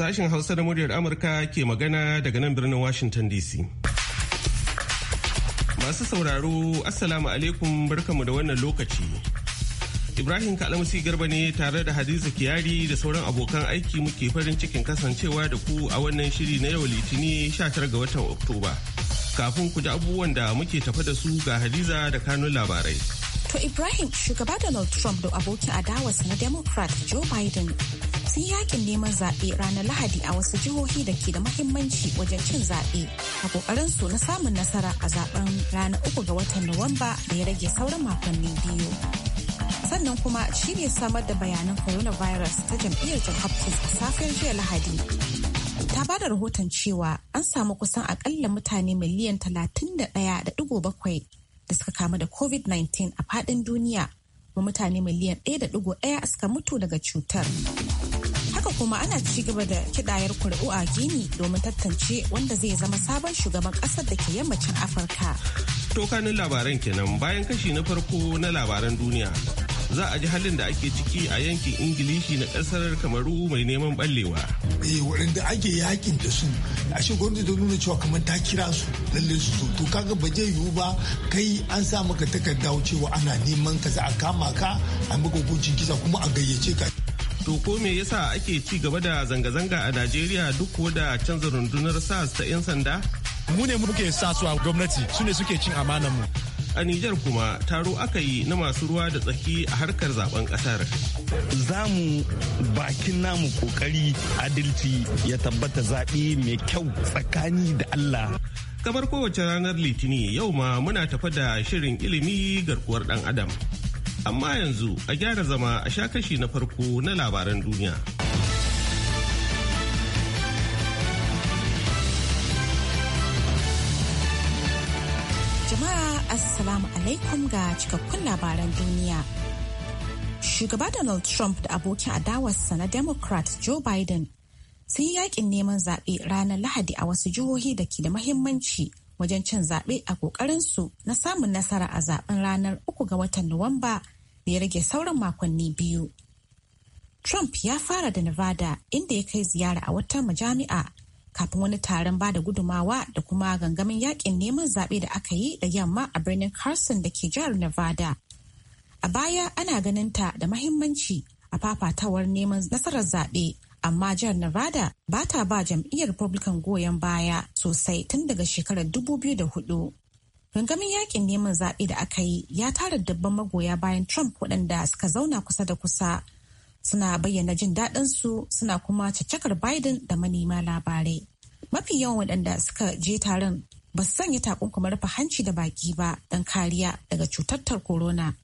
Sashen Hausa da muryar Amurka ke magana daga nan birnin Washington DC. Masu sauraro, Assalamu alaikum barkamu da wannan lokaci. Ibrahim Kalamusi Garba ne tare da Hadiza Kiyari da sauran abokan aiki muke farin cikin kasancewa da ku a wannan shiri na yau Litini 19 ga watan Oktoba. Kafin ku ji abubuwan da muke tafa da su ga Hadiza da kanun labarai. To Ibrahim, shugaba Donald Trump da a dawas na Democrat Joe Biden sun yakin neman zaɓe ranar lahadi a wasu jihohi da ke da mahimmanci wajen cin zaɓe a ƙoƙarin su na samun nasara a zaben ranar uku ga watan nuwamba da ya rage sauran makonni biyu sannan kuma shi ne samar da bayanan coronavirus ta jam'iyyar john hopkins a safiyar jiya lahadi ta ba da rahoton cewa an samu kusan akalla mutane miliyan 31.7 da da bakwai suka kamu da covid-19 a faɗin duniya kuma mutane miliyan 1.1 suka mutu daga cutar. kuma ana ci gaba da kidayar kuri'u a gini domin tantance wanda zai zama sabon shugaban kasar da ke yammacin afirka tokanin labaran kenan bayan kashi na farko na labaran duniya za a ji halin da ake ciki a yankin ingilishi na kasar kamaru mai neman ballewa. eh waɗanda ake yakin da su ashe gwamnati ta nuna cewa kamar ta kira su lalle su so to kaga ba zai yiwu ba kai an sa maka takarda cewa ana neman ka za a kama ka a maka hukuncin kisa kuma a gayyace ka. To ko me yasa ake ci gaba da zanga-zanga a Najeriya duk da canza rundunar SARS ta 'yan sanda? Mu ne muke sa su a gwamnati su ne suke cin amanar mu. A Nijar kuma taro aka yi na masu ruwa da tsaki a harkar zaben kasar. Za mu bakin namu kokari adalci ya tabbata zaɓe mai kyau tsakani da Allah. Kamar kowace ranar Litini yau ma muna tafa da shirin ilimi garkuwar ɗan Adam. Amma yanzu a gyara zama a sha kashi na farko na labaran duniya. Jama'a Assalamu alaikum ga cikakkun labaran duniya. Shugaba Donald Trump da abokin adawarsa na Democrat Joe Biden sun yi yakin neman zaɓe ranar Lahadi a wasu jihohi da ke da mahimmanci wajen cin zaɓe a ƙoƙarinsu na samun nasara a zaɓen ranar uku ga watan Nuwamba da ya rage sauran makonni biyu. Trump ya fara da Nevada inda ya kai ziyara a wata majami'a kafin wani taron ba da gudumawa da kuma gangamin yakin neman zaɓe da aka yi da yamma a birnin Carson da ke jihar Nevada. A baya ana ganinta da mahimmanci a fafatawar neman nasarar zaɓe amma jihar Nevada ba ta ba jam'iyyar Republican goyon baya sosai tun daga shekarar 2004. Gangamin yakin neman zaɓe da aka yi ya tara dabban magoya bayan Trump waɗanda suka zauna kusa da kusa suna bayyana jin daɗinsu suna kuma caccakar Biden da manema labarai. Mafi yawan waɗanda suka je taron ba su sanya takunkumar rufe hanci da baki ba don kariya daga cutar corona.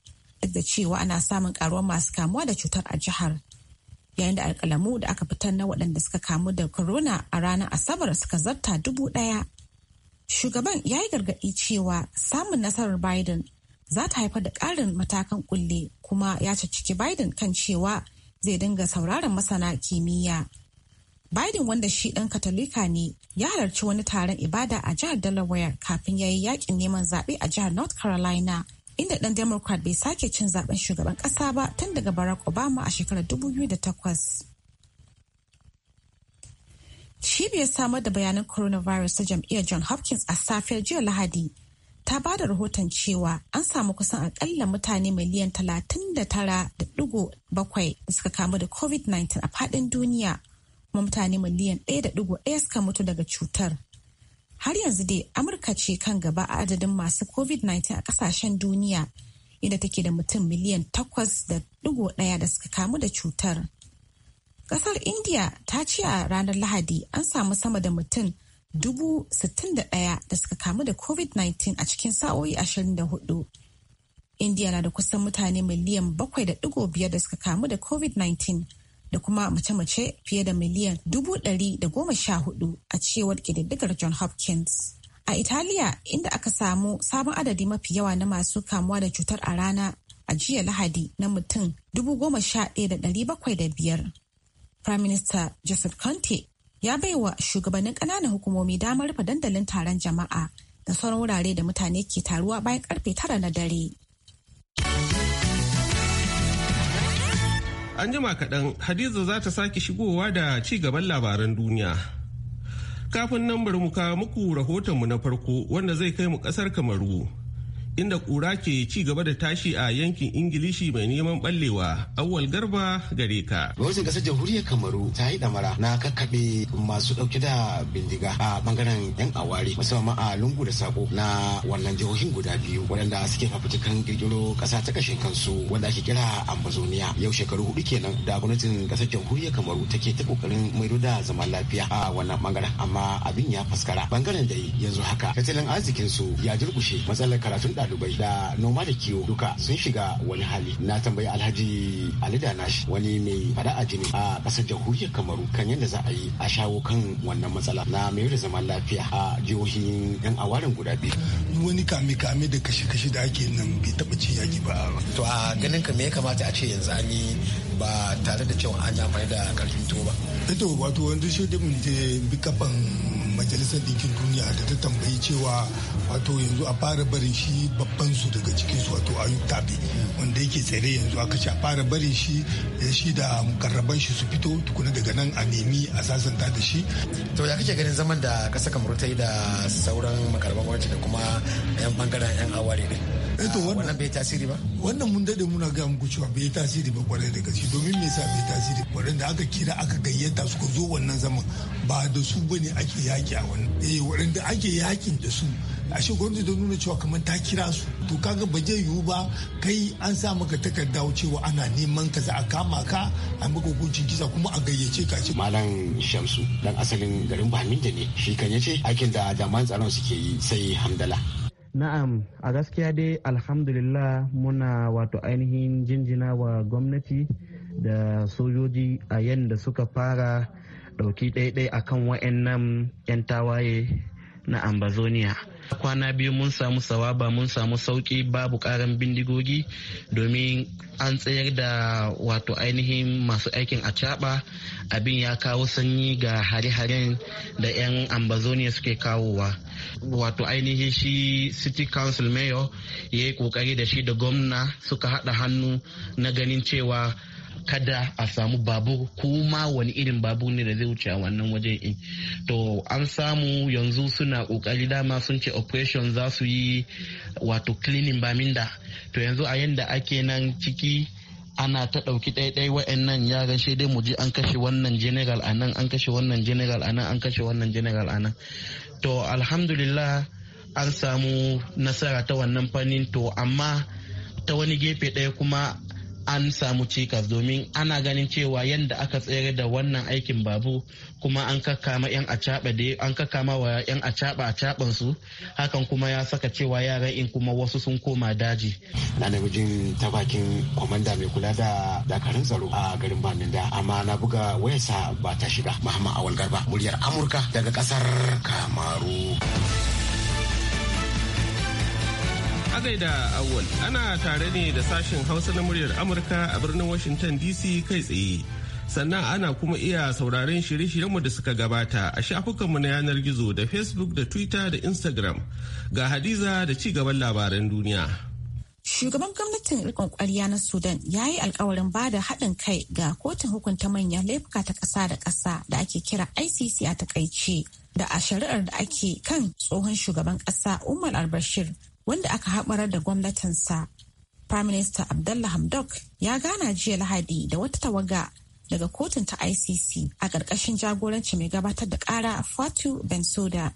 Duk da cewa ana samun karuwar masu kamuwa da cutar a jihar, yayin da alkalamu da aka fitar na waɗanda suka kamu da corona a ranar asabar suka zarta dubu ɗaya. Shugaban ya yi gargaɗi cewa samun nasarar Biden za ta haifar da ƙarin matakan kulle kuma ya ciki Biden kan cewa zai dinga sauraron masana kimiyya. Biden wanda shi ɗan Katolika ne ya halarci wani taron ibada a jihar Delaware kafin ya yi yakin neman zaɓe a jihar North Carolina inda dan democrat bai sake cin zaben shugaban kasa ba tun daga barack obama a shekarar 2008 cibiyar samar da bayanan coronavirus ta jam'iyyar john hopkins a safiyar jiya lahadi ta ba da rahoton cewa an samu kusan akalla mutane miliyan 39.7 da suka kamu da covid-19 a fadin duniya kuma mutane miliyan 1.1 suka mutu daga cutar Har yanzu dai Amurka ce kan gaba a adadin masu COVID-19 a kasashen duniya inda take da mutum miliyan takwas da digo daya da suka kamu da cutar. Kasar India ta ce a ranar Lahadi an samu sama da mutum dubu sittin da daya da suka kamu da COVID-19 a cikin sa'o'i ashirin da hudu. India na da kusan mutane miliyan bakwai da digo biyar da suka kamu da COVID-19 da kuma mace-mace fiye da miliyan dubu ɗari da goma sha hudu a cewar ƙididdigar John Hopkins. A Italiya inda aka samu sabon adadi mafi yawa na masu kamuwa da cutar a rana a jiya Lahadi na mutum dubu goma sha ɗaya da ɗari bakwai da biyar. Prime Minister Joseph Conte ya baiwa shugabannin ƙananan hukumomi damar rufe dandalin taron jama'a da sauran wurare da mutane ke taruwa bayan karfe tara na dare. An jima kaɗan Hadiza za ta sake shigowa da ci gaban labaran duniya. Kafin nan bari mu kawo muku rahotonmu na farko wanda zai kai mu ƙasar Kamaru. inda kura ke ci gaba da tashi a yankin ingilishi mai neman ɓallewa awwal garba gare ka. gwamnatin kasar jamhuriyar kamaru ta yi damara. na kakkaɓe masu ɗauke da bindiga a ɓangaren yan awari musamman a lungu da sako na wannan jihohin guda biyu waɗanda suke fafutukan ƙirƙiro ƙasa ta ƙashin kansu wanda ake kira ambazoniya yau shekaru hudu kenan da gwamnatin kasar jamhuriyar kamaru take ta ƙoƙarin maido da zaman lafiya a wannan bangaren amma abin ya faskara bangaren da yanzu haka tattalin arzikin su ya durƙushe matsalar karatun Dubai da noma da kiwo duka sun shiga wani hali na tambayi alhaji ali nashi wani mai fada a jini a ƙasar jamhuriyar kamaru kan yadda za a yi a shawo kan wannan matsala na mayar da zaman lafiya a jihohin yan awarin guda biyu wani kame-kame da kashe-kashe da ake nan bai taɓa ci yaki ba to a ganin ka me ya kamata a ce yanzu an yi ba tare da cewa an yi amfani da karfin to ba. Ito wato wanda shi da mun je bi kafan majalisar ɗinkin duniya da ta tambayi cewa wato yanzu a fara barin shi babban su daga cikin su wato ayub tabi wanda yake tsere yanzu aka ce a fara barin shi ya shi da mukarraban shi su fito tukuna daga nan a nemi a sasanta da shi. to ya kake ganin zaman da ƙasar kamar ta yi da sauran makarraban gwamnati da kuma 'yan bangaren 'yan awari ne. eto eh, wannan bai tasiri ba wannan mun dade muna ga muku cewa bai tasiri ba kwarai da gaske domin me yasa bai tasiri kwarai aka kira aka gayyata suka zo wannan zaman ba da su bane ake yaki a wannan eh waɗanda ake yakin da su ashe gwamnati ta nuna cewa kamar ta kira su to kaga ba zai yiwu ba kai an sa maka takarda cewa ana neman ka za a kama ka a maka hukuncin kisa kuma a gayyace ka ce malam shamsu dan asalin garin baminda ne shi kan yace aikin da jami'an tsaron suke yi sai hamdala Na'am, a gaskiya dai alhamdulillah muna wato ainihin jinjina wa gwamnati da sojoji a yadda suka fara ɗauki ɗaiɗai akan wa'annan 'yan tawaye na ambazonia kwana biyu mun samu sawaba mun samu sauki babu karan bindigogi domin an tsayar da wato ainihin masu aikin a caba abin ya kawo sanyi ga hare-haren da 'yan ambazonia suke kawowa wato ainihin shi city council mayor ya yi kokari da shi da gwamna suka haɗa hannu na ganin cewa kada a samu babu kuma wani irin babu ne da zai wuce a wannan waje in to an samu yanzu suna kokari dama sun ce operation za su yi wato cleaning baminda to yanzu a yanda ake nan ciki ana ta ɗauki ɗaiɗai wa'annan ya ga dai mu an kashe wannan general a nan an kashe wannan general a nan an kashe wannan general a nan to alhamdulillah an samu nasara ta wannan fannin to amma ta wani gefe ɗaya kuma an samu cikas domin ana ganin cewa yadda aka tsere da wannan aikin babu kuma an kakkama yan acaba da an kakkama wa yan acaba acaɓan su hakan kuma ya saka cewa yaran in kuma wasu sun koma daji na da jin ta bakin kwamanda mai kula da dakarun tsaro a garin da amma na buga wayarsa ba ta shiga Muhammad Awal Garba muryar Amurka daga kasar Kamaru. a gaida awal ana tare ne da sashen hausa na muryar amurka a birnin washington dc kai tsaye sannan ana kuma iya sauraron shirye-shiryenmu da suka gabata a shafukanmu na yanar gizo da facebook da twitter da instagram ga hadiza da ci gaban labaran duniya shugaban gwamnatin rikon kwariya na sudan ya yi alkawarin ba da haɗin kai ga kotun hukunta manyan laifuka ta ƙasa da ƙasa da ake kira icc a takaice da a shari'ar da ake kan tsohon shugaban ƙasa umar albashir wanda aka haɓarar da gwamnatinsa. Prime Minister Abdullah Hamdok ya gana jiya Lahadi da wata tawaga daga kotun ta ICC a ƙarƙashin jagoranci mai gabatar da ƙara Fatu Bensouda.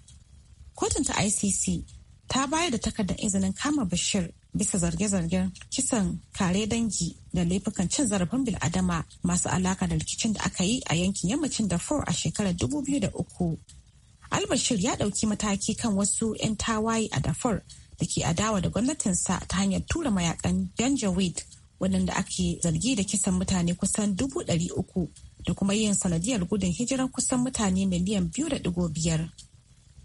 Kotun ta ICC ta bayar da takardar izinin kama Bashir bisa zarge-zargen kisan kare dangi da laifukan cin zarafin bil'adama masu alaka da rikicin da aka yi a yankin yammacin Darfur a shekarar dubu biyu da uku. Albashir ya ɗauki mataki kan wasu 'yan tawaye a Darfur da ke adawa da gwamnatinsa ta hanyar tura mayakan janjaweed waɗanda ake zargi da kisan mutane kusan dubu ɗari uku da kuma yin sanadiyar gudun hijirar kusan mutane miliyan biyu da digo biyar.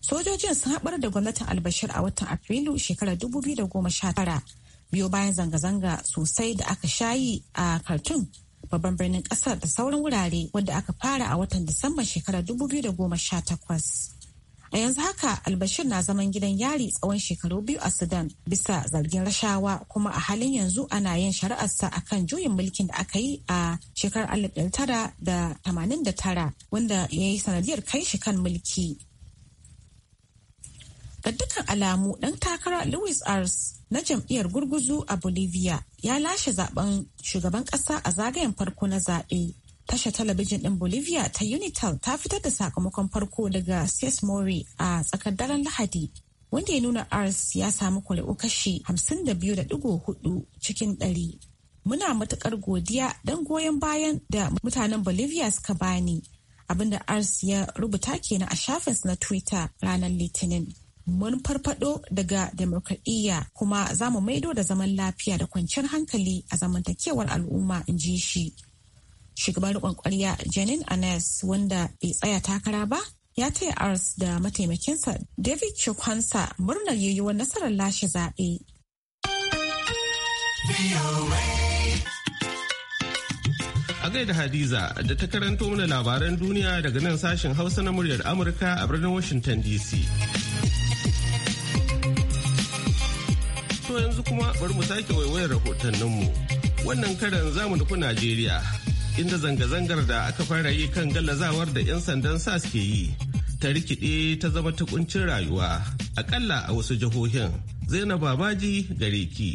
Sojojin sun haɓar da gwamnatin albashir a watan Afrilu shekarar dubu biyu da goma sha tara biyo bayan zanga-zanga sosai da aka shayi a Khartoum babban birnin ƙasar da sauran wurare wadda aka fara a watan Disamba shekarar dubu biyu da goma sha takwas. A yanzu haka Albashir na zaman gidan yari tsawon shekaru biyu a Sudan bisa zargin rashawa kuma a halin yanzu ana yin shari'arsa a kan juyin mulkin da aka yi a shekarar 1989 wanda ya yi sanadiyar kai shi kan mulki. Ga dukkan alamu ɗan takara Louis Ars na jam'iyyar gurguzu a Bolivia ya lashe zaben shugaban ƙasa a zagayen farko na zaɓe. Tashar talabijin ɗin Bolivia ta Unitel ta fitar da sakamakon farko daga Mori a tsakar daren Lahadi wanda ya nuna ars ya samu kuri'u kashi 52.4 cikin 100. Muna matukar godiya don goyon bayan da mutanen Bolivia suka bani. Abinda ars ya rubuta kenan a shafinsa na Twitter ranar Litinin. Mun farfado daga demokradiyya kuma za mu maido da zaman lafiya da kwanciyar hankali a zamantakewar al'umma in ji shi. shugaban rikon kwarya janin anes wanda bai tsaya takara ba ya taya ars da mataimakinsa david chukwansa murnar yiwuwar nasarar lashe zaɓe. a gaida hadiza da ta karanto mana labaran duniya daga nan sashen hausa na muryar amurka a birnin washington dc to yanzu kuma bari mu sake waiwayar rahotanninmu wannan karan zamu nufi najeriya inda zanga-zangar da aka fara yi kan gallazawar da 'yan sandan sas ke yi ta rikide ta zama tukuncin rayuwa akalla a wasu jihohin zainab babaji gare ki.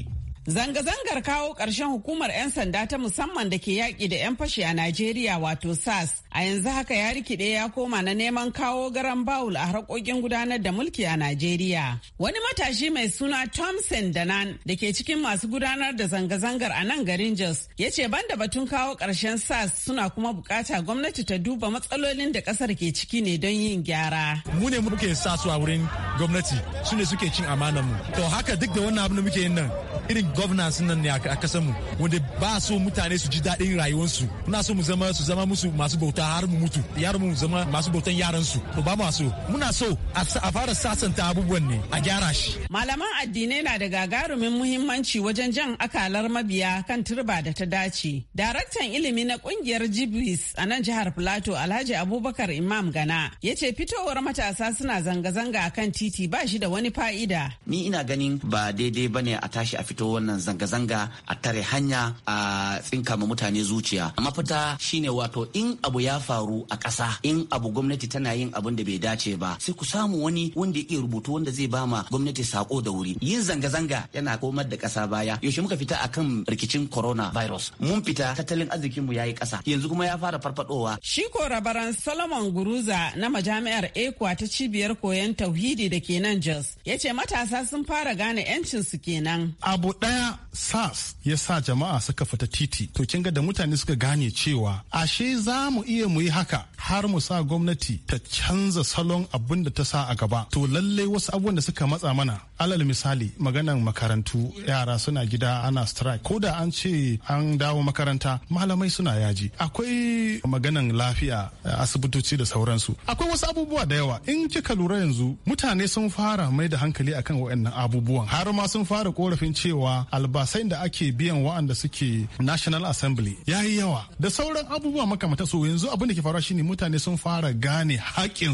Zanga-zangar kawo ƙarshen hukumar 'yan sanda ta musamman da ke yaƙi da 'yan fashi a Najeriya wato SAS a yanzu haka ya rikide ya koma na neman kawo garan bawul a harkokin gudanar da mulki a Najeriya. Wani matashi mai suna Thompson Danan da ke cikin masu gudanar da zanga-zangar a nan garin Jos ya ce banda batun kawo ƙarshen SAS suna kuma bukata gwamnati ta duba matsalolin da ƙasar ke ciki ne don yin gyara. Mu ne muke sa su a wurin gwamnati su ne suke cin amanar mu. To haka duk da wannan abin da muke yin nan irin governance nan ne a kasar mu wanda ba so mutane su ji daɗin rayuwarsu muna so mu zama su zama musu masu bauta har mu mutu yar mu zama masu bautan yaran su to ba so muna so a fara sasanta abubuwan ne a gyara shi malaman addinai na da gagarumin muhimmanci wajen jan akalar mabiya kan turba da ta dace daraktan ilimi na kungiyar jibris a nan jihar plateau alhaji abubakar imam gana ya ce fitowar matasa suna zanga-zanga kan titi ba shi da wani fa'ida ni ina ganin ba daidai bane a tashi a fito wannan zanga-zanga a tare hanya a tsinka ma mutane zuciya a mafita shine wato in abu ya faru a ƙasa in abu gwamnati tana yin abin da bai dace ba sai ku samu wani wanda ya iya rubutu wanda zai bama gwamnati sako da wuri yin zanga-zanga yana komar da ƙasa baya yaushe muka fita akan rikicin corona virus mun fita tattalin arzikin mu yayi ƙasa yanzu kuma ya fara farfadowa shi ko solomon guruza na majami'ar ekwa ta cibiyar koyon tauhidi da ke nan jos ya ce matasa sun fara gane 'yancin su kenan abu daya SARS ya sa jama'a suka fita titi to kin ga da mutane suka gane cewa ashe za mu iya mu yi haka har mu sa gwamnati ta canza salon abin da ta sa a gaba to lallai wasu abubuwan da suka matsa mana alal misali maganan makarantu yara suna gida ana strike ko da an ce an dawo makaranta malamai suna yaji akwai maganan lafiya asibitoci da sauransu akwai wasu abubuwa da yawa in kika lura yanzu mutane sun fara mai da hankali akan waɗannan abubuwan har ma sun fara korafin cewa albasai da ake biyan wa'anda suke national assembly ya yi yawa da sauran abubuwa makamata su yanzu abin da ke faruwa shine mutane sun fara gane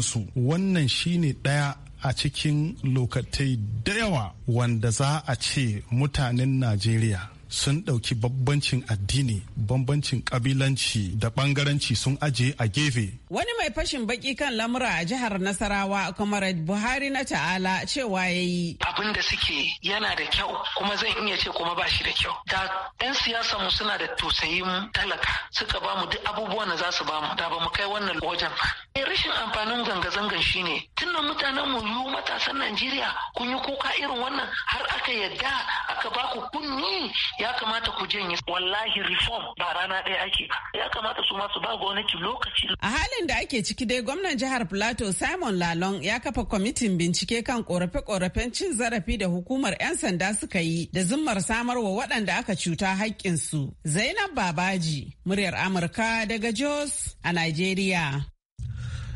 su wannan shine ɗaya a cikin lokatai da yawa wanda za a ce mutanen najeriya sun ɗauki bambancin addini bambancin kabilanci da bangaranci sun aje a gefe. Wani mai fashin baki kan lamura a jihar Nasarawa Comrade Buhari na ta'ala cewa ya yi. Abin da suke yana da kyau kuma zan iya ce kuma ba shi da kyau. Da 'yan siyasa mu suna da tausayin talaka suka ba mu duk abubuwan da za su ba mu da ba mu kai wannan wajen ba. Eh, rashin amfanin zanga-zangan shine tunan mutanen mu yiwu matasan Najeriya kun yi kuka irin wannan har aka yadda aka ba ku kunni ya kamata ku janye wallahi reform ba rana ɗaya ake ya kamata su masu ba gwamnati lokaci. a halin da ake ciki dai gwamnan jihar plato simon lalon ya kafa kwamitin bincike kan korafe-korafen cin zarafi da hukumar 'yan sanda suka yi da zimmar samarwa waɗanda aka cuta haƙƙinsu zainab babaji muryar amurka daga jos a nigeria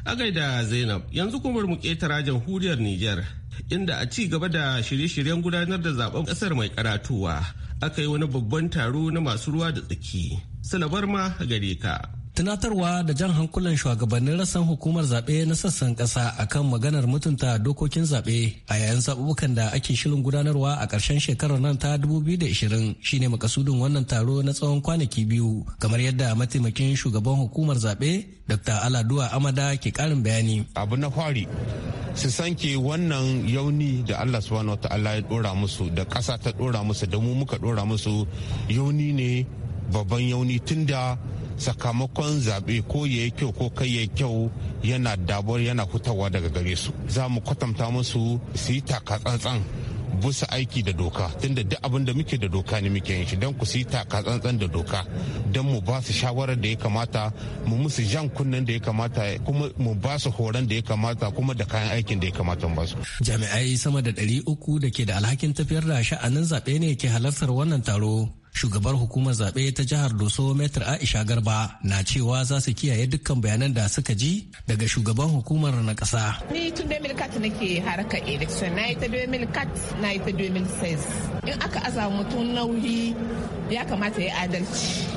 a gaida zainab yanzu kuma mu ƙetara jamhuriyar niger inda a ci gaba da shirye-shiryen gudanar da zaben ƙasar mai karatuwa aka yi wani babban taro na masu ruwa da tsaki. Salabar ma gare ka. tunatarwa da jan hankulan shugabannin rassan hukumar zaɓe na sassan ƙasa akan maganar mutunta dokokin zaɓe a yayin zaɓuɓɓukan da ake shirin gudanarwa a ƙarshen shekarar nan ta 2020 shine makasudin wannan taro na tsawon kwanaki biyu kamar yadda mataimakin shugaban hukumar zaɓe dr aladuwa amada ke ƙarin bayani abu na fari su sanke wannan yauni da allah subhanahu ta'ala ya dora musu da ƙasa ta dora musu da mu muka dora musu yauni ne babban yauni tunda sakamakon zaɓe ko ya yi kyau ko kai ya yi kyau yana dabar yana hutawa daga gare su za mu kwatanta musu su yi taka busa aiki da doka tunda duk abin da muke da doka ne muke yin shi don ku yi taka da doka don mu ba su shawarar da ya kamata mu musu jan kunnen da ya kamata kuma mu ba su horon da ya kamata kuma da kayan aikin da ya kamata ba su. jami'ai sama da ɗari da ke da alhakin tafiyar da sha'anin zaɓe ne ke halartar wannan taro shugabar hukumar zaɓe ta jihar doso metar aisha garba na cewa za su kiyaye dukkan bayanan da suka ji daga shugaban hukumar na ƙasa. ni tun 2004 nake haraka election na yi ta 2004 na yi ta 2006 in aka aza mutum nauyi ya kamata ya adalci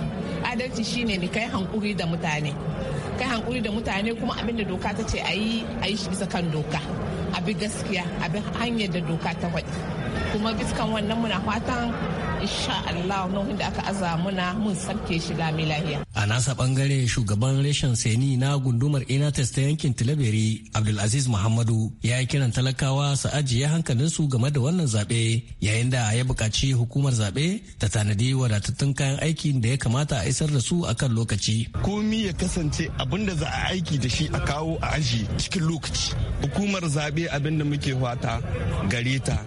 adalci shine ne kai hankuri da mutane kai hankuri da mutane kuma abinda doka ta ce a yi a yi shi bisa kan doka abi gaskiya abi hanyar da doka ta faɗi kuma biskan wannan muna fatan insha Allah da aka aza muna mun sarke shiga lahiya. A nasa bangare shugaban reshen Seni na gundumar Inates ta yankin Tilaberi Abdulaziz Muhammadu ya yi kiran talakawa su ajiye hankalinsu game da wannan zaɓe yayin da ya bukaci hukumar zabe ta tanadi wadatattun kayan aikin da ya kamata a isar da su akan lokaci. Komi ya kasance abin da za a aiki da shi a kawo a aji cikin lokaci. Hukumar zabe abin da muke wata gare ta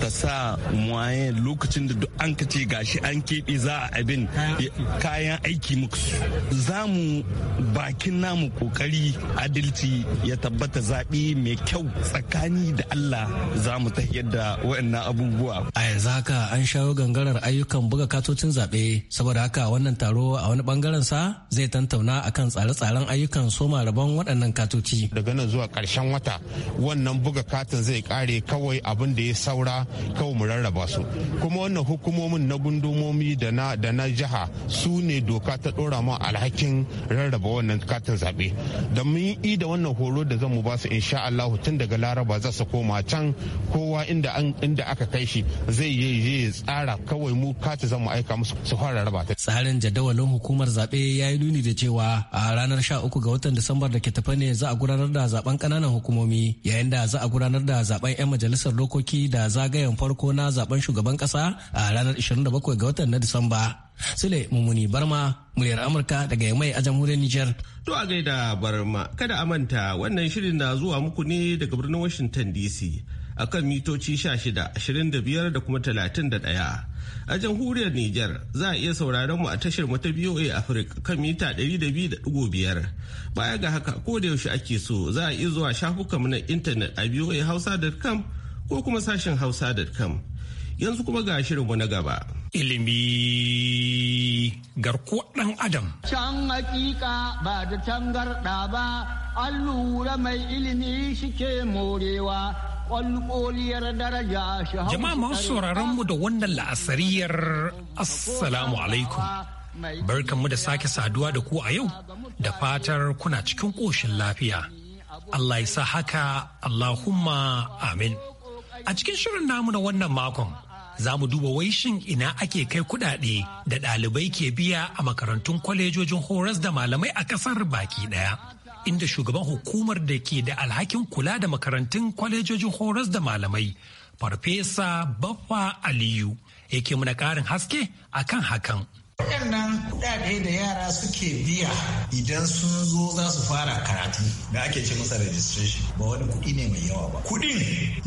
ta sa lokacin da duk an an ka ce gashi an keɓe za a abin kayan aiki muku za mu bakin namu kokari adalci ya tabbata zaɓe mai kyau tsakani da Allah za mu tafiyar yadda waɗannan abubuwa. A yanzu haka an shawo gangarar ayyukan buga katocin zaɓe saboda haka wannan taro a wani bangaren sa zai tantauna akan tsare-tsaren ayyukan soma rabon waɗannan katoci. Daga nan zuwa ƙarshen wata wannan buga katin zai kare kawai abin da ya saura kawai mu rarraba su kuma wannan hukumar hukumomin na gundumomi da na da na jiha su ne doka ta dora mu alhakin rarraba wannan katin zaɓe da mun yi da wannan horo da zan mu ba su insha Allah tun daga laraba za su koma can kowa inda inda aka kai shi zai yi ya tsara kawai mu kati zan mu aika musu su fara raba ta tsarin jadawalin hukumar zaɓe ya yi nuni da cewa a ranar 13 ga watan Disambar da ke tafe ne za a gudanar da zaben kananan hukumomi yayin da za a gudanar da zaben 'yan majalisar dokoki da zagayen farko na zaben shugaban kasa a ranar ranar 27 ga watan na Disamba. Sule Mumuni Barma, muryar Amurka daga Yamai a jamhuriyar Nijar. To a gaida Barma, kada a manta wannan shirin na zuwa muku ne daga birnin Washington DC. akan mitoci 16, 25 da kuma 31. A jamhuriyar Nijar za a iya sauraron mu a tashar ta BOA afirka kan mita 200.5. Baya ga haka ko da yaushe ake so za a iya zuwa shafukanmu na intanet a boahausa.com ko kuma sashen hausa.com. Yanzu kuma ga shirinmu na gaba. Ilimi garkuwar ɗan Adam. Can hakika ba da tangarɗa ba, an mai ilimi shike morewa. daraja Jama'a masu sauraron mu da wannan la'asariyar Assalamu alaikum. Barkanmu da sake saduwa da ku a yau da fatar kuna cikin ƙoshin lafiya. Allah ya sa haka Allahumma amin. A cikin shirin namu na wannan makon za mu duba wai shin ina ake kai kudade da ɗalibai ke biya a makarantun kwalejojin horas da malamai a ƙasar baki ɗaya. Inda shugaban hukumar da ke da alhakin kula da makarantun kwalejojin horas da malamai, Farfesa Baffa Aliyu, yake muna ƙarin haske akan hakan. waɗannan kuɗaɗe da yara suke biya idan sun zo za su fara karatu da ake ce masa registration ba wani kuɗi ne mai yawa ba kuɗin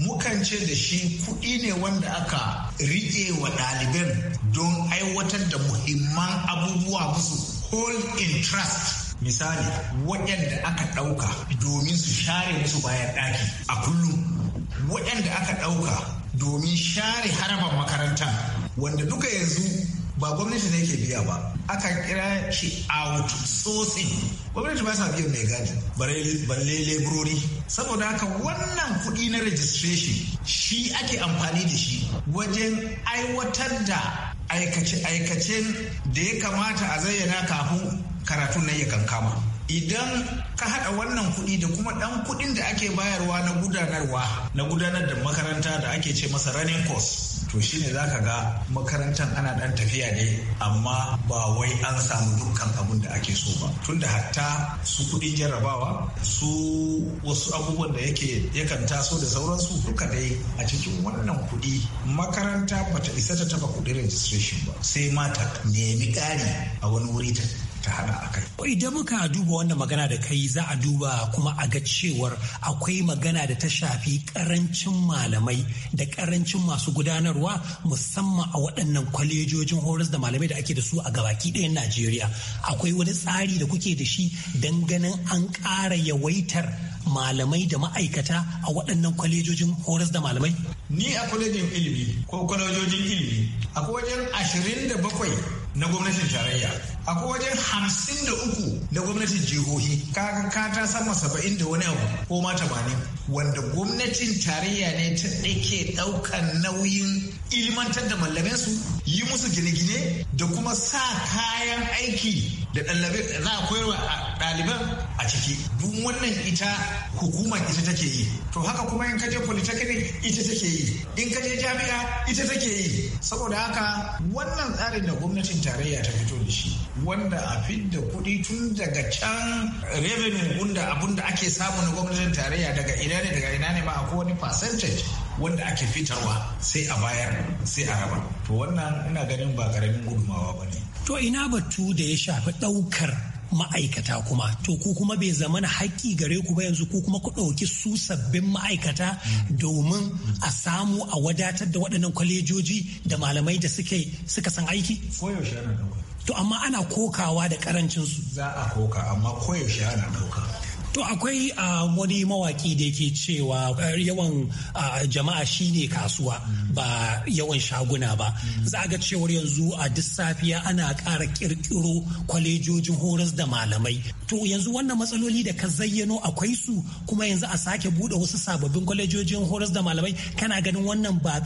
mukan ce da shi kuɗi ne wanda aka riƙe wa ɗaliban don aiwatar da muhimman abubuwa musu whole interest misali waɗanda aka ɗauka domin su share musu bayan ɗaki a kullum waɗanda aka ɗauka domin share harabar makaranta wanda duka yanzu ba gwamnati ne ke biya ba aka kira shi outsourcing gwamnati ba sa biyan mai gadi balle leburori saboda haka wannan kuɗi na registration shi ake amfani da shi wajen aiwatar da aikace-aikacen da ya kamata a zayyana kafin karatun na ya kankama idan ka haɗa wannan kuɗi da kuma ɗan kuɗin da ake bayarwa na gudanarwa na gudanar da makaranta da ake ce masa running course to shi ne za ka ga makarantar ana dan tafiya ne amma ba wai an samu dukkan abun da ake so ba tunda hatta su kudin jarrabawa su wasu abubuwan da yake yakan taso da sauransu duka dai a cikin wannan kuɗi makaranta bata isa ta taba kuɗin registration ba sai mata ta nemi ƙari a wani wuri ta ta hada a kai. Idan muka duba wannan magana da kai za a duba kuma a ga cewar akwai magana da ta shafi karancin malamai da karancin masu gudanarwa musamman a waɗannan kwalejojin horas da malamai da ake da su a gabaki ɗayan Najeriya. Akwai wani tsari da kuke da shi don ganin an ƙara yawaitar malamai da ma'aikata a waɗannan kwalejojin horas da malamai? Ni a kwalejin ilimi ko kwalejojin ilimi akwai wajen ashirin da bakwai na gwamnatin tarayya akwai wajen hamsin da uku da gwamnatin jihohi kaga ka ta sama saba'in da wani abu ko ma tamanin wanda gwamnatin tarayya ne ta ɗake ɗaukan nauyin ilmantar da su yi musu gine-gine da kuma sa kayan aiki da ɗalibai za a koyarwa a ɗaliban a ciki duk wannan ita hukuma ita take yi to haka kuma in kaje polytechnic ita take yi in kaje jami'a ita take yi saboda haka wannan tsarin da gwamnatin tarayya ta fito da shi wanda a fidda kuɗi tun daga can revenue wanda abun da ake samu na gwamnatin tarayya daga ina ne daga ina ne ma akwai wani percentage wanda ake fitarwa sai a bayar sai a raba to wannan ina ganin ba karamin gudumawa ba ne to ina batu da ya shafi ɗaukar ma'aikata kuma to ku kuma bai zama na haƙƙi gare ku ba yanzu ku kuma ku ɗauki su sabbin ma'aikata domin a samu a wadatar da waɗannan kwalejoji da malamai da suke suka san aiki? Koyaushe ana ɗauka. to amma ana kokawa da karancin su za a koka amma koyaushe ana ɗauka. To akwai ah, wani mawaki da yake cewa eh, yawan ah, jama'a shine kasuwa ba yawan shaguna ba. Za ga cewar yanzu a duk safiya ana ƙara ƙirƙiro kwalejojin horas da malamai. To yanzu wannan matsaloli da ka zayyano akwai su kuma yanzu a sake buɗe wasu sababbin kwalejojin horas da malamai kana ganin wannan ba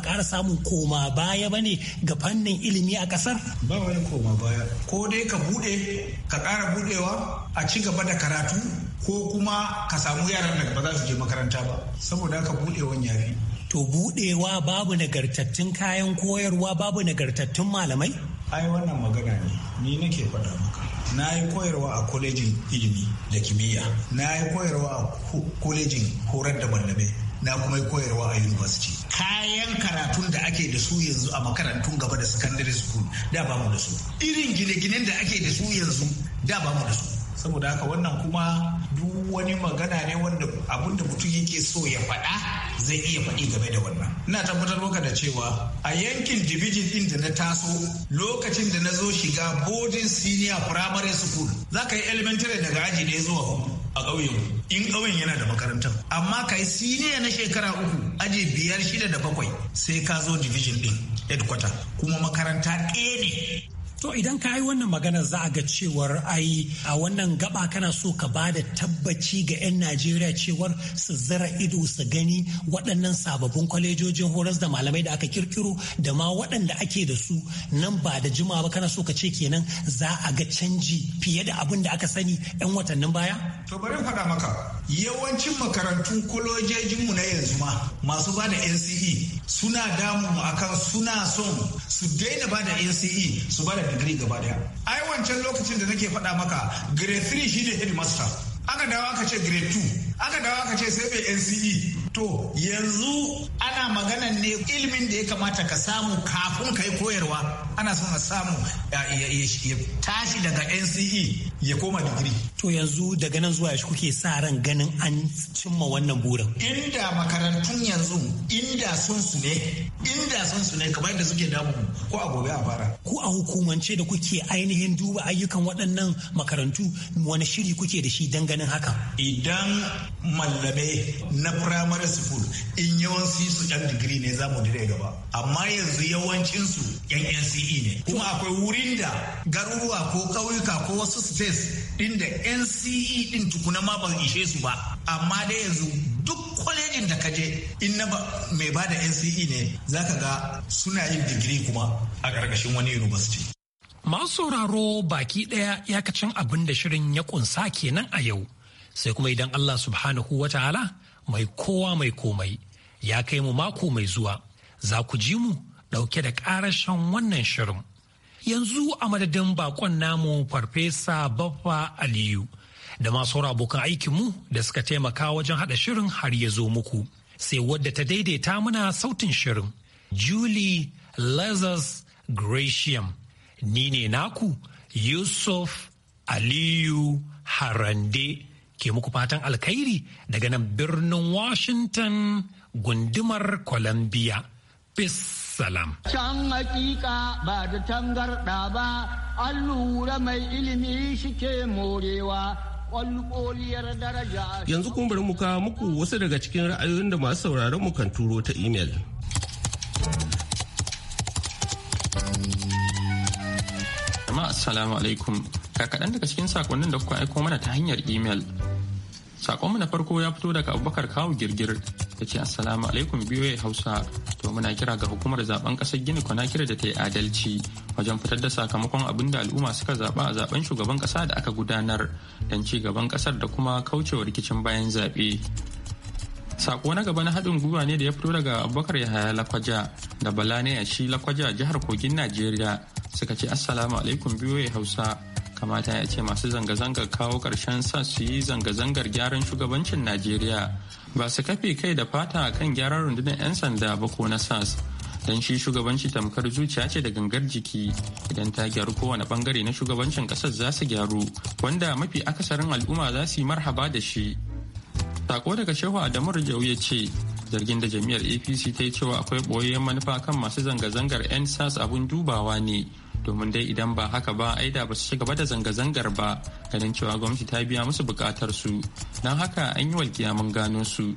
ƙara samun koma baya ba ne ga fannin ilimi a ƙasar? Ba wani koma baya. Ko dai ka buɗe ka ƙara buɗewa a ci gaba da karatu ko kuma ka samu yaran da ba za su je makaranta ba saboda haka buɗewan yafi to budewa babu nagartattun kayan koyarwa babu nagartattun malamai? ai wannan magana ne ni nake faɗa maka na yi koyarwa a kwalejin ilimi da kimiyya na yi koyarwa a kwalejin horar da malamai na kuma yi koyarwa a university kayan karatun da ake da su yanzu a makarantun gaba da secondary school da ba mu da su irin gine-ginen da ake da su yanzu da ba mu da su saboda haka wannan kuma duk wani magana ne wanda abin da mutum yake so ya faɗa zai iya faɗi game da wannan ina tabbatar maka da cewa a yankin Division din da na taso lokacin da na zo shiga boarding senior primary school za ka yi elementary daga aji ne zuwa hudu a ƙauyen in ƙauyen yana da makarantar amma ka yi senior na shekara uku aji biyar shida da bakwai sai ka zo division din headquarter kuma makaranta ɗaya ne To idan ka yi wannan magana za a ga cewar ai a wannan gaba kana so ka ba da tabbaci ga 'yan Najeriya cewar su zara ido su gani waɗannan sababbin kwalejojin horas da malamai da aka kirkiro da ma waɗanda ake da su nan ba da jima ba kana so ka ce kenan za a ga canji fiye da abin da aka sani 'yan watannin baya? To bari faɗa maka yawancin makarantun kolojejinmu na yanzu ma masu ba da nce suna damu akan suna son su daina ba da nce su ba da digiri gaba daya ai wancan lokacin da nake faɗa maka grade 3 shine headmaster aka dawa ka ce grade 2 aka dawa ka ce sai be nce to yanzu ana maganan ne ilimin da ya kamata ka samu kafin ka yi koyarwa ana son a samu ya tashi daga nce ya koma digiri to yanzu daga nan zuwa yaushe kuke sa ran ganin an cimma wannan burin inda makarantun yanzu inda sun su ne inda sun su ne kamar yadda suke damu ko a gobe a fara ku a hukumance da kuke ainihin duba ayyukan waɗannan makarantu wani shiri kuke da shi don ganin hakan idan mallame na primary school in yawanci su ɗan digiri ne za mu dire gaba amma yanzu yawancinsu yan nce NCE ne kuma akwai wurin da garuruwa ko ƙauyuka ko wasu states ɗin da NCE ɗin tukuna ma ba ishe su ba amma dai yanzu duk kwalejin da kaje in na mai ba da NCE ne za ka ga suna yin digiri kuma a ƙarƙashin wani university Masu sauraro baki ɗaya ya kacin abin da shirin ya ƙunsa kenan a yau, sai kuma idan Allah subhanahu wa ta'ala mai kowa mai komai ya kai mu mako mai zuwa, za ku ji mu Dauke da ƙarashen wannan shirin. Yanzu a madadin bakon namu Farfesa Baffa Aliyu da masu abokan aikinmu da suka taimaka wajen haɗa shirin har ya zo muku. Sai wadda ta daidaita muna sautin shirin. Julie Lazarus Gratiam. Ni ne naku Yusuf Aliyu Harande ke muku fatan alkhairi daga nan birnin Washington gundumar Columbia. Peace. salam. Can hakika ba da tangarɗa ba, an lura mai ilimi shike morewa. Yanzu kuma bari muka muku wasu daga cikin ra'ayoyin da masu sauraron mu kan turo ta imel. Jama'a assalamu alaikum. kaɗan daga cikin sakonnin da kuka aiko mana ta hanyar imel. Sakonmu na farko ya fito daga Abubakar Kawu Girgir ya ce Assalamu alaikum ya Hausa. To muna kira ga hukumar zaben kasar Gini kira da ta yi adalci wajen fitar da sakamakon abin da al'umma suka zaba a zaben shugaban kasa da aka gudanar don ci gaban kasar da kuma kaucewa rikicin bayan zaɓe. Sako na gaba na haɗin gwiwa ne da ya fito daga Abubakar Yahaya Lakwaja da Bala ne a shi Lakwaja jihar Kogin Najeriya suka ce Assalamu alaikum ya Hausa. kamata ya ce masu zanga-zangar kawo ƙarshen sa su yi zanga-zangar gyaran shugabancin najeriya ba su kafe kai da fata kan gyaran rundunar 'yan sanda ba ko na sas don shi shugabanci tamkar zuciya ce da gangar jiki idan ta gyaru kowane bangare na shugabancin ƙasar za su gyaru wanda mafi akasarin al'umma za su yi marhaba da shi sako daga shehu adamu rajau ya ce zargin da jami'ar apc ta yi cewa akwai ɓoyayyen manufa kan masu zanga-zangar 'yan sas abun dubawa ne domin dai idan ba haka ba da ba su shiga da zanga-zangar ba ganin cewa gwamnati ta biya musu bukatar su don haka an yi walƙiya mun gano su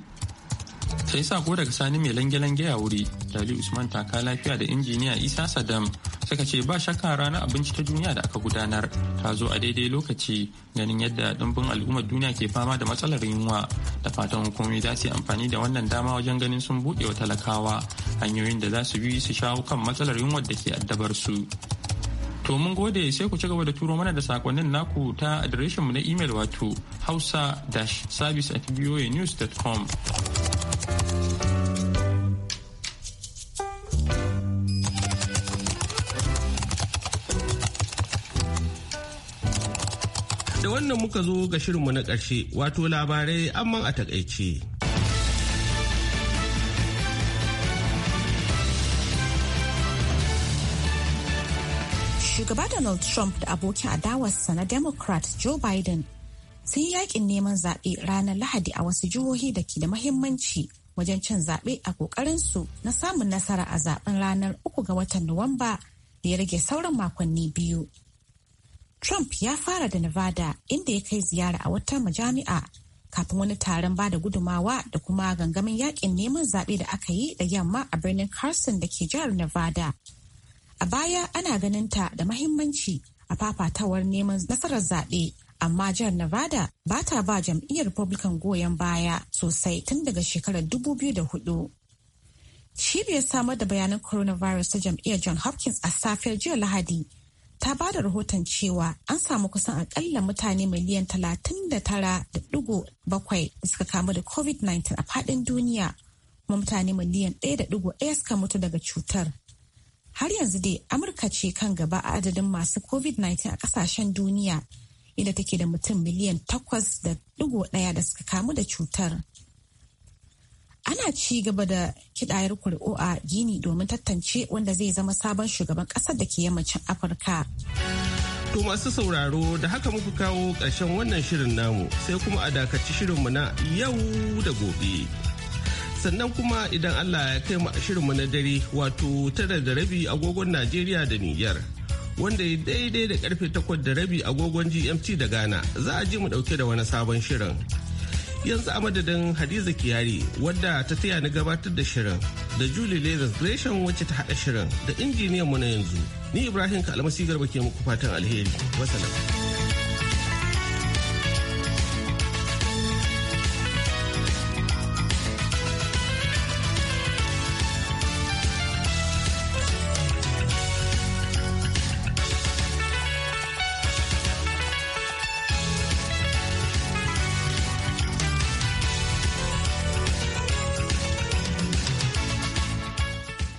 sai sako daga sani mai lange-lange a wuri dali usman taka lafiya da injiniya isa sadam suka ce ba shakka ranar abinci ta duniya da aka gudanar ta zo a daidai lokaci ganin yadda dimbin al'ummar duniya ke fama da matsalar yunwa da fatan hukumomi za su yi amfani da wannan dama wajen ganin sun buɗe wa talakawa hanyoyin da za su bi su shawo kan matsalar yunwar da ke addabar su. To mun gode sai ku ci gaba da turo mana da sakonnin naku ta adireshinmu na imel wato hausa-service at voanews.com. Da wannan muka zo ga shirinmu na ƙarshe wato labarai amman a takaice. shugaba donald trump da abokin adawarsa na democrat joe biden sun yi yakin neman zaɓe ranar lahadi a wasu jihohi da ke da mahimmanci wajen cin zaɓe a ƙoƙarinsu na samun nasara a zaɓen ranar uku ga watan nuwamba da ya rage sauran makonni biyu trump ya fara da nevada inda ya kai ziyara a wata majami'a kafin wani taron ba da gudumawa da kuma gangamin yakin neman zaɓe da aka yi da yamma a birnin Carson da ke jihar Nevada A baya ana ganin ta da mahimmanci a fafatawar neman nasarar zaɓe, amma jihar Nevada ba ta ba jam'iyyar Republican goyon baya sosai tun daga shekarar 2004. Cibiyar samar da bayanan coronavirus ta jam'iyyar John Hopkins a safiyar jiya Lahadi ta ba da rahoton cewa an samu kusan akalla mutane miliyan 39.7 da suka kamu da COVID-19 a faɗin duniya, kuma mutane miliyan 1.1 suka mutu daga cutar. har yanzu dai amurka ce kan gaba a adadin masu covid-19 a kasashen duniya inda take da mutum miliyan takwas da digo daya da suka kamu da cutar ana ci gaba da kidayar kuri'u a gini domin tantance wanda zai zama sabon shugaban kasar da ke yammacin afirka to masu sauraro da haka muku kawo ƙarshen wannan shirin namu sai kuma a dakaci shirinmu na yau da gobe. sannan kuma idan Allah ya kai mu shirinmu na dare wato tara da rabi agogon Najeriya da Nijar. Wanda ya daidai da karfe takwas da rabi agogon GMT da Ghana za a ji mu dauke da wani sabon shirin. Yanzu a madadin Hadiza Kiyari wadda ta taya ni gabatar da shirin da Julie Lazarus Gresham wacce ta haɗa shirin da injiniyan mu na yanzu. Ni Ibrahim Kalmasi Garba ke muku fatan alheri. Wasalam.